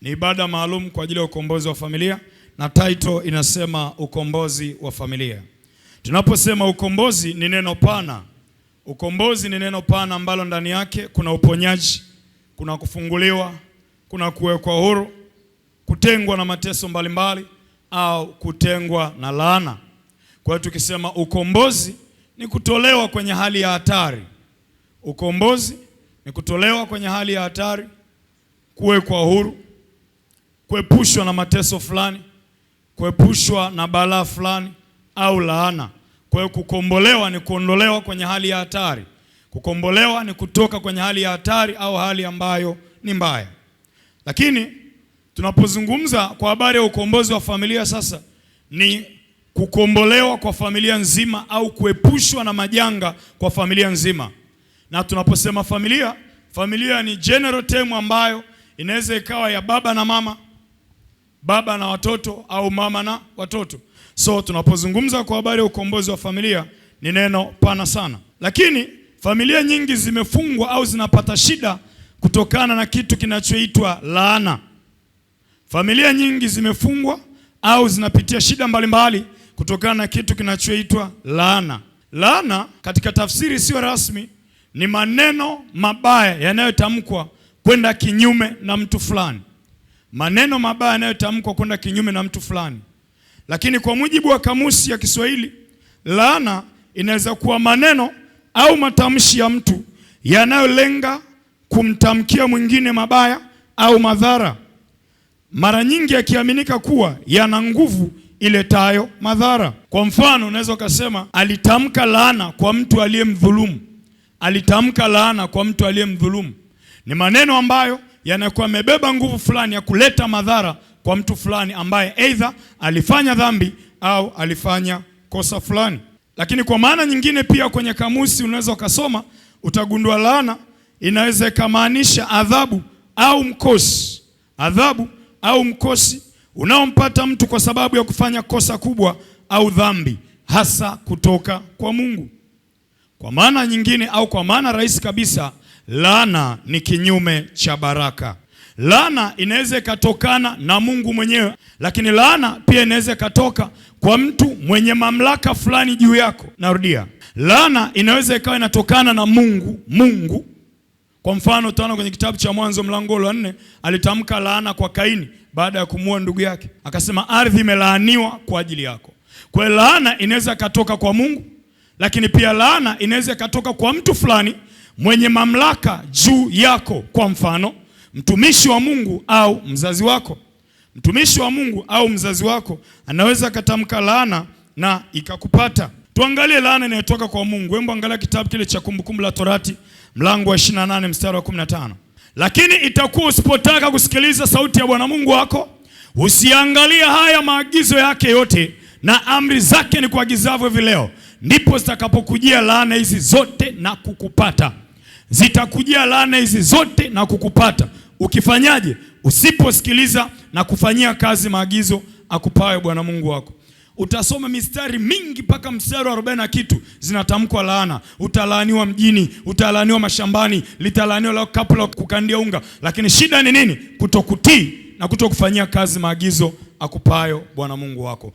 Ni ibada maalum kwa ajili ya ukombozi wa familia na title inasema ukombozi wa familia. Tunaposema ukombozi ni neno pana. Ukombozi ni neno pana ambalo ndani yake kuna uponyaji, kuna kufunguliwa, kuna kuwekwa huru, kutengwa na mateso mbalimbali mbali, au kutengwa na laana. Kwa hiyo tukisema ukombozi ni kutolewa kwenye hali ya hatari. Ukombozi ni kutolewa kwenye hali ya hatari, kuwekwa huru kuepushwa na mateso fulani, kuepushwa na balaa fulani au laana. Kwa hiyo kukombolewa ni kuondolewa kwenye hali ya hatari. Kukombolewa ni kutoka kwenye hali ya hatari au hali ambayo ni mbaya. Lakini tunapozungumza kwa habari ya ukombozi wa familia sasa, ni kukombolewa kwa familia nzima au kuepushwa na majanga kwa familia nzima. Na tunaposema familia, familia ni general term ambayo inaweza ikawa ya baba na mama baba na watoto au mama na watoto. So tunapozungumza kwa habari ya ukombozi wa familia ni neno pana sana, lakini familia nyingi zimefungwa au zinapata shida kutokana na kitu kinachoitwa laana. Familia nyingi zimefungwa au zinapitia shida mbalimbali mbali kutokana na kitu kinachoitwa laana. Laana katika tafsiri sio rasmi ni maneno mabaya yanayotamkwa kwenda kinyume na mtu fulani maneno mabaya yanayotamkwa kwenda kinyume na mtu fulani. Lakini kwa mujibu wa kamusi ya Kiswahili, laana inaweza kuwa maneno au matamshi ya mtu yanayolenga kumtamkia mwingine mabaya au madhara, mara nyingi yakiaminika kuwa yana nguvu iletayo madhara. Kwa mfano, unaweza ukasema alitamka laana kwa mtu aliyemdhulumu, alitamka laana kwa mtu aliyemdhulumu. Ni maneno ambayo yanakuwa yamebeba nguvu fulani ya kuleta madhara kwa mtu fulani ambaye aidha alifanya dhambi au alifanya kosa fulani. Lakini kwa maana nyingine pia kwenye kamusi unaweza ukasoma, utagundua laana inaweza ikamaanisha adhabu au mkosi, adhabu au mkosi unaompata mtu kwa sababu ya kufanya kosa kubwa au dhambi hasa kutoka kwa Mungu. Kwa maana nyingine au kwa maana rahisi kabisa laana ni kinyume cha baraka. Laana inaweza ikatokana na Mungu mwenyewe, lakini laana pia inaweza ikatoka kwa mtu mwenye mamlaka fulani juu yako. Narudia, laana inaweza ikawa inatokana na Mungu Mungu. Kwa mfano, utaona kwenye kitabu cha Mwanzo mlango wa nne, alitamka laana kwa Kaini baada ya kumuua ndugu yake, akasema ardhi imelaaniwa kwa ajili yako. Kwa hiyo laana inaweza ikatoka kwa Mungu, lakini pia laana inaweza ikatoka kwa mtu fulani mwenye mamlaka juu yako, kwa mfano mtumishi wa Mungu au mzazi wako. Mtumishi wa Mungu au mzazi wako anaweza akatamka laana na ikakupata. Tuangalie laana inayotoka kwa Mungu. Hebu angalia kitabu kile cha Kumbukumbu la Torati mlango wa 28 mstari wa 15. Lakini itakuwa usipotaka kusikiliza sauti ya Bwana Mungu wako, usiangalia haya maagizo yake yote na amri zake ni kuagizavyo hivi leo, ndipo zitakapokujia laana hizi zote na kukupata. Zitakujia laana hizi zote na kukupata ukifanyaje? Usiposikiliza na kufanyia kazi maagizo akupayo Bwana Mungu wako. Utasoma mistari mingi mpaka mstari wa arobaini na kitu zinatamkwa laana. Utalaaniwa mjini, utalaaniwa mashambani, litalaaniwa la kapu la kukandia unga. Lakini shida ni nini? Kutokutii na kutokufanyia kazi maagizo akupayo Bwana Mungu wako.